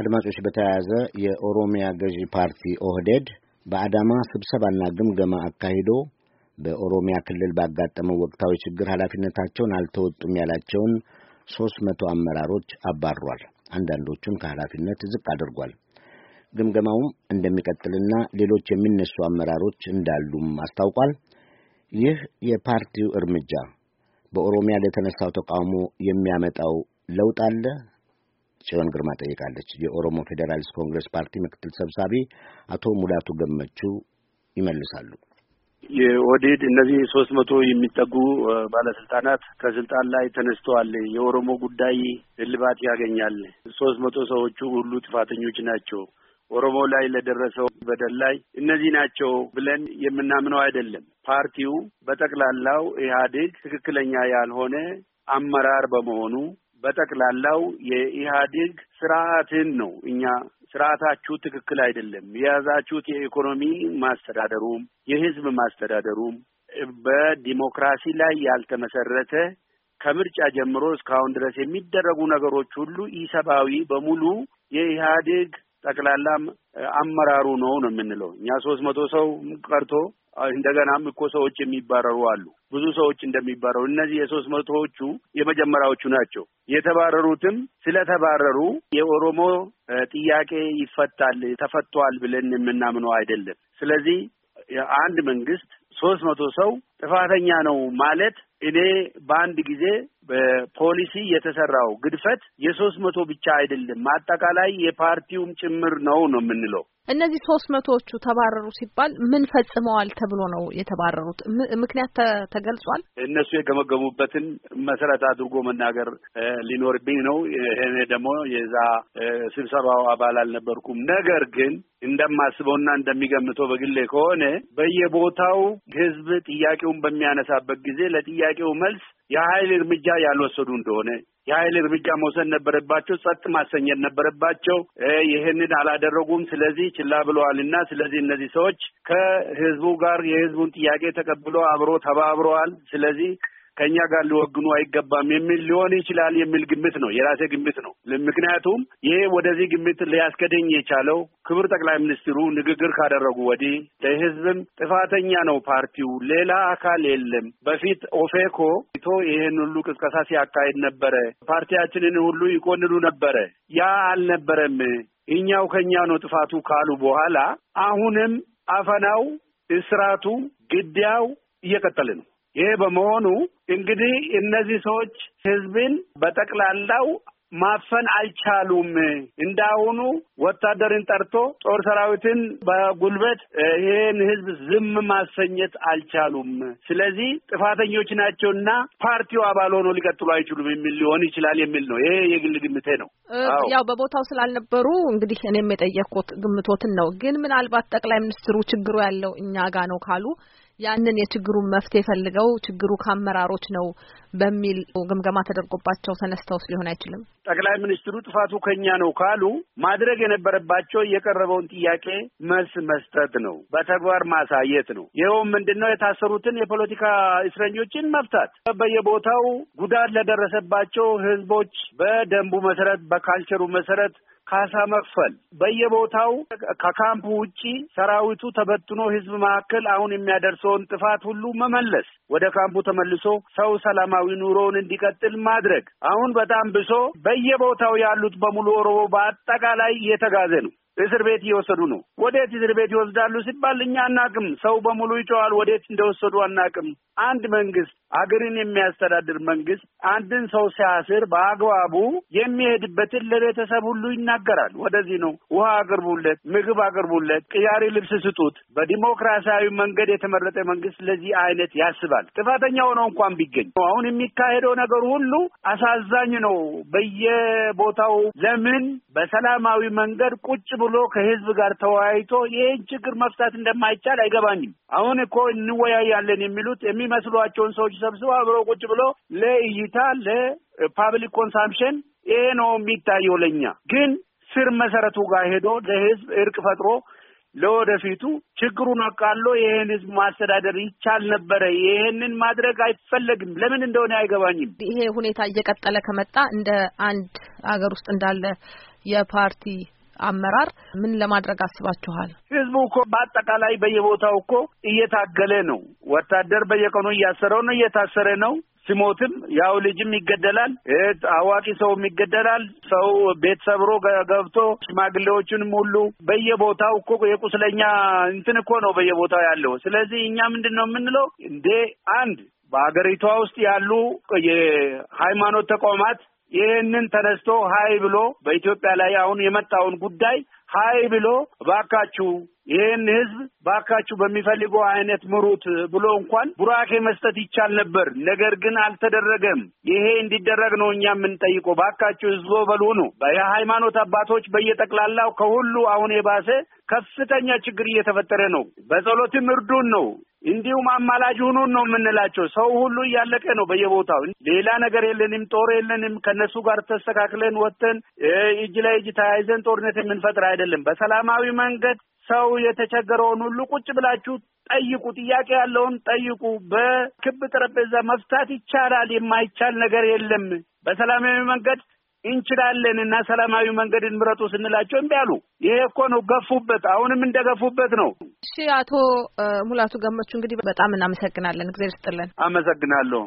አድማጮች፣ በተያያዘ የኦሮሚያ ገዢ ፓርቲ ኦህዴድ በአዳማ ስብሰባና ግምገማ አካሂዶ በኦሮሚያ ክልል ባጋጠመው ወቅታዊ ችግር ኃላፊነታቸውን አልተወጡም ያላቸውን ሦስት መቶ አመራሮች አባሯል። አንዳንዶቹን ከኃላፊነት ዝቅ አድርጓል። ግምገማውም እንደሚቀጥልና ሌሎች የሚነሱ አመራሮች እንዳሉም አስታውቋል። ይህ የፓርቲው እርምጃ በኦሮሚያ ለተነሳው ተቃውሞ የሚያመጣው ለውጥ አለ? ጽዮን ግርማ ጠይቃለች። የኦሮሞ ፌዴራሊስት ኮንግረስ ፓርቲ ምክትል ሰብሳቢ አቶ ሙላቱ ገመቹ ይመልሳሉ። የኦህዴድ እነዚህ ሶስት መቶ የሚጠጉ ባለስልጣናት ከስልጣን ላይ ተነስተዋል። የኦሮሞ ጉዳይ እልባት ያገኛል። ሶስት መቶ ሰዎቹ ሁሉ ጥፋተኞች ናቸው ኦሮሞ ላይ ለደረሰው በደል ላይ እነዚህ ናቸው ብለን የምናምነው አይደለም። ፓርቲው በጠቅላላው ኢህአዴግ ትክክለኛ ያልሆነ አመራር በመሆኑ በጠቅላላው የኢህአዴግ ስርዓትን ነው እኛ ስርዓታችሁ ትክክል አይደለም የያዛችሁት የኢኮኖሚ ማስተዳደሩም የህዝብ ማስተዳደሩም በዲሞክራሲ ላይ ያልተመሰረተ ከምርጫ ጀምሮ እስካሁን ድረስ የሚደረጉ ነገሮች ሁሉ ኢሰብአዊ በሙሉ የኢህአዴግ ጠቅላላም አመራሩ ነው ነው የምንለው እኛ ሶስት መቶ ሰው ቀርቶ እንደገናም እኮ ሰዎች የሚባረሩ አሉ። ብዙ ሰዎች እንደሚባረሩ እነዚህ የሶስት መቶዎቹ የመጀመሪያዎቹ ናቸው። የተባረሩትም ስለተባረሩ የኦሮሞ ጥያቄ ይፈታል ተፈቷል ብለን የምናምነው አይደለም። ስለዚህ አንድ መንግስት ሶስት መቶ ሰው ጥፋተኛ ነው ማለት እኔ በአንድ ጊዜ በፖሊሲ የተሰራው ግድፈት የሶስት መቶ ብቻ አይደለም፣ አጠቃላይ የፓርቲውም ጭምር ነው ነው የምንለው። እነዚህ ሶስት መቶዎቹ ተባረሩ ሲባል ምን ፈጽመዋል ተብሎ ነው የተባረሩት? ምክንያት ተገልጿል? እነሱ የገመገሙበትን መሰረት አድርጎ መናገር ሊኖርብኝ ነው። ይሄ ደግሞ የዛ ስብሰባው አባል አልነበርኩም። ነገር ግን እንደማስበውና እንደሚገምተው በግሌ ከሆነ በየቦታው ህዝብ ጥያቄውን በሚያነሳበት ጊዜ ለጥያቄው መልስ የኃይል እርምጃ ያልወሰዱ እንደሆነ የኃይል እርምጃ መውሰድ ነበረባቸው፣ ጸጥ ማሰኘት ነበረባቸው። ይህንን አላደረጉም። ስለዚህ ችላ ብለዋልና ስለዚህ እነዚህ ሰዎች ከህዝቡ ጋር የህዝቡን ጥያቄ ተቀብሎ አብሮ ተባብረዋል። ስለዚህ ከእኛ ጋር ሊወግኑ አይገባም የሚል ሊሆን ይችላል የሚል ግምት ነው፣ የራሴ ግምት ነው። ምክንያቱም ይሄ ወደዚህ ግምት ሊያስገደኝ የቻለው ክቡር ጠቅላይ ሚኒስትሩ ንግግር ካደረጉ ወዲህ ለህዝብም ጥፋተኛ ነው ፓርቲው፣ ሌላ አካል የለም። በፊት ኦፌኮ ቶ ይህን ሁሉ ቅስቀሳ ሲያካሄድ ነበረ። ፓርቲያችንን ሁሉ ይቆንሉ ነበረ። ያ አልነበረም። እኛው ከኛ ነው ጥፋቱ ካሉ በኋላ አሁንም አፈናው፣ እስራቱ፣ ግድያው እየቀጠለ ነው። ይሄ በመሆኑ እንግዲህ እነዚህ ሰዎች ህዝብን በጠቅላላው ማፈን አልቻሉም። እንዳሁኑ ወታደርን ጠርቶ ጦር ሰራዊትን በጉልበት ይህን ህዝብ ዝም ማሰኘት አልቻሉም። ስለዚህ ጥፋተኞች ናቸውና ፓርቲው አባል ሆኖ ሊቀጥሉ አይችሉም የሚል ሊሆን ይችላል የሚል ነው። ይሄ የግል ግምቴ ነው። ያው በቦታው ስላልነበሩ እንግዲህ እኔም የጠየቅኩት ግምቶትን ነው። ግን ምናልባት ጠቅላይ ሚኒስትሩ ችግሩ ያለው እኛ ጋ ነው ካሉ ያንን የችግሩን መፍትሄ ፈልገው ችግሩ ከአመራሮች ነው በሚል ግምገማ ተደርጎባቸው ተነስተው ሊሆን አይችልም። ጠቅላይ ሚኒስትሩ ጥፋቱ ከኛ ነው ካሉ ማድረግ የነበረባቸው የቀረበውን ጥያቄ መልስ መስጠት ነው፣ በተግባር ማሳየት ነው። ይኸውም ምንድን ነው? የታሰሩትን የፖለቲካ እስረኞችን መፍታት፣ በየቦታው ጉዳት ለደረሰባቸው ህዝቦች በደንቡ መሰረት በካልቸሩ መሰረት ካሳ መክፈል በየቦታው ከካምፕ ውጪ ሰራዊቱ ተበትኖ ህዝብ መካከል አሁን የሚያደርሰውን ጥፋት ሁሉ መመለስ፣ ወደ ካምፑ ተመልሶ ሰው ሰላማዊ ኑሮውን እንዲቀጥል ማድረግ። አሁን በጣም ብሶ በየቦታው ያሉት በሙሉ ኦሮሞ በአጠቃላይ እየተጋዘ ነው። እስር ቤት እየወሰዱ ነው። ወዴት እስር ቤት ይወስዳሉ ሲባል እኛ አናቅም። ሰው በሙሉ ይጮዋል። ወዴት እንደወሰዱ አናቅም። አንድ መንግስት፣ አገርን የሚያስተዳድር መንግስት አንድን ሰው ሲያስር በአግባቡ የሚሄድበትን ለቤተሰብ ሁሉ ይናገራል። ወደዚህ ነው ውሃ አቅርቡለት፣ ምግብ አቅርቡለት፣ ቅያሪ ልብስ ስጡት። በዲሞክራሲያዊ መንገድ የተመረጠ መንግስት ለዚህ አይነት ያስባል። ጥፋተኛ ሆኖ እንኳን ቢገኝ አሁን የሚካሄደው ነገር ሁሉ አሳዛኝ ነው። በየቦታው ለምን በሰላማዊ መንገድ ቁጭ ብሎ ከህዝብ ጋር ተወያይቶ ይህን ችግር መፍታት እንደማይቻል አይገባኝም። አሁን እኮ እንወያያለን የሚሉት የሚመስሏቸውን ሰዎች ሰብስበው አብሮ ቁጭ ብሎ ለእይታ ለፓብሊክ ኮንሳምፕሽን ይሄ ነው የሚታየው። ለኛ ግን ስር መሰረቱ ጋር ሄዶ ለህዝብ እርቅ ፈጥሮ ለወደፊቱ ችግሩን አቃሎ ይህን ህዝብ ማስተዳደር ይቻል ነበረ። ይህንን ማድረግ አይፈለግም። ለምን እንደሆነ አይገባኝም። ይሄ ሁኔታ እየቀጠለ ከመጣ እንደ አንድ ሀገር ውስጥ እንዳለ የፓርቲ አመራር ምን ለማድረግ አስባችኋል? ህዝቡ እኮ በአጠቃላይ በየቦታው እኮ እየታገለ ነው። ወታደር በየቀኑ እያሰረው ነው፣ እየታሰረ ነው። ሲሞትም ያው ልጅም ይገደላል፣ አዋቂ ሰውም ይገደላል። ሰው ቤት ሰብሮ ገብቶ ሽማግሌዎችንም ሁሉ በየቦታው እኮ የቁስለኛ እንትን እኮ ነው በየቦታው ያለው። ስለዚህ እኛ ምንድን ነው የምንለው እንዴ አንድ በሀገሪቷ ውስጥ ያሉ የሃይማኖት ተቋማት ይህንን ተነስቶ ሀይ ብሎ በኢትዮጵያ ላይ አሁን የመጣውን ጉዳይ ሀይ ብሎ ባካችሁ ይህን ህዝብ ባካችሁ በሚፈልገው አይነት ምሩት ብሎ እንኳን ቡራኬ መስጠት ይቻል ነበር። ነገር ግን አልተደረገም። ይሄ እንዲደረግ ነው እኛ የምንጠይቀው። ባካችሁ ህዝቦ በሉ ነው። የሃይማኖት አባቶች በየጠቅላላው ከሁሉ አሁን የባሰ ከፍተኛ ችግር እየተፈጠረ ነው። በጸሎትም እርዱን ነው። እንዲሁም አማላጅ ሁኑን ነው የምንላቸው። ሰው ሁሉ እያለቀ ነው በየቦታው። ሌላ ነገር የለንም፣ ጦር የለንም። ከነሱ ጋር ተስተካክለን ወጥተን እጅ ላይ እጅ ተያይዘን ጦርነት የምንፈጥር አይደለም። በሰላማዊ መንገድ ሰው የተቸገረውን ሁሉ ቁጭ ብላችሁ ጠይቁ። ጥያቄ ያለውን ጠይቁ። በክብ ጠረጴዛ መፍታት ይቻላል። የማይቻል ነገር የለም። በሰላማዊ መንገድ እንችላለን እና ሰላማዊ መንገድን ምረጡ ስንላቸው እምቢ አሉ። ይሄ እኮ ነው ገፉበት፣ አሁንም እንደገፉበት ነው። እሺ፣ አቶ ሙላቱ ገመቹ እንግዲህ በጣም እናመሰግናለን። እግዚአብሔር ስጥልን። አመሰግናለሁ።